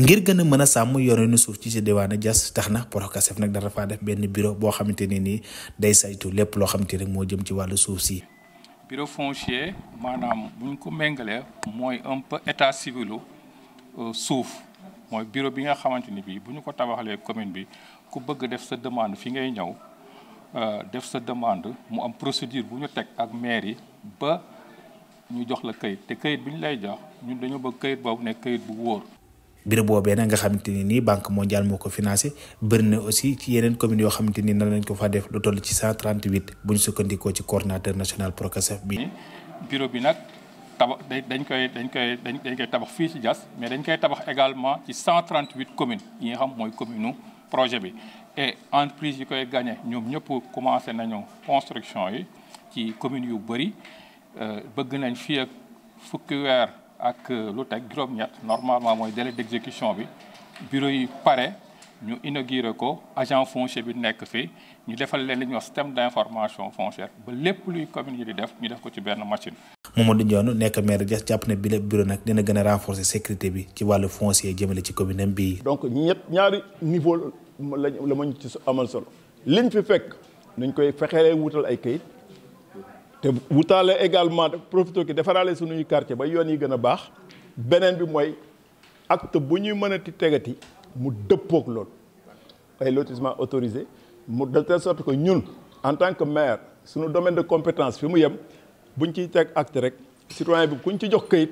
ngir gën a mën a sàmm yoreenu suuf ci ci diwaanu Diass tax na Porokasef nag dara faa def benn biro boo xamante ne nii day saytu lépp loo xamante rek moo jëm ci wàllu suuf si. bureau foncier maanaam bu ñu ko méngalee mooy un peu état civilu euh, suuf mooy bureau bi nga xamante ni bii bu ñu ko tabaxalee commune bi ku bëgg def sa demande fi ngay ñëw euh, def sa demande mu am procédure bu ñu teg ak maire yi ba ñu jox la kayit te kayit bi ñu lay jox ñun dañoo bëgg kayit boobu nekk kayit bu wóor. biro boobee na nga xamante ni nii banque mondiale moo ko financé bëri na aussi ci yeneen communes yoo xamante ni nan lañ ko fa def lu toll ci 138 bu ñu sukkandikoo ci coordinateur national Procasef bi. bureau bi nag tabax dañ koy dañ koy dañ koy tabax fii ci Diass mais dañ koy tabax également ci 138 communes yi nga xam mooy commune projet bi et entreprise yi koy gagné ñoom ñëpp commencé nañu construction yi ci communes yu bëri euh, bëgg nañ fii ak fukki weer. ak euh, lu teg juróom-ñett normalement mooy délai d'exécution bi bureau yi pare ñu inauguré ko agent foncier bi nekk fii ñu defal leen li ñuy wax système d'information foncière ba lépp luy commune yi di def ñu def ko ci benn machine. Mamadou Ndione nekk maire Diass jàpp ne bile bureau nag dina gën a renforcer sécurité bi ci wàllu foncier jëmale ci commune am bii. donc ñett ñaari niveau la la ma ñu ci amal sol liñ fi fekk nañ koy fexeelee wutal ay kayit. te wutaale également profité ki defaraale suñuy quartier ba yoon yi gën a baax beneen bi mooy acte bu ñuy mënati tegati mu dëppook loolu ay lotissement autorisé mu de te sorte que ñun en tant que maire suñu domaine de compétence fi mu yem bu buñ ciy teg acte rek citoyen bi kuñ ci jox kayit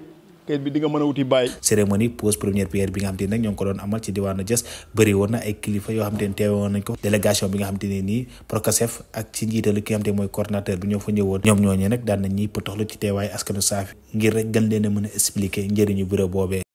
kayit bi di nga mën a wuti bàyyi cérémonie pose première pierre bi nga xam te ni nag ñoo ngi ko doon amal ci diwaanu Diass bëri na ay kilifa yoo xam te ni nañ ko délégation bi nga xam te nii Procasef ak ci njiitalu ki nga xam te mooy coordonnateur bi ñoo fa ñëwoon ñoom ñooñu nag daan nañ ñiy pëtoxlu ci teewaayu askanu saafi ngir rek gën leen a mën a expliquer njëriñu bureau boobee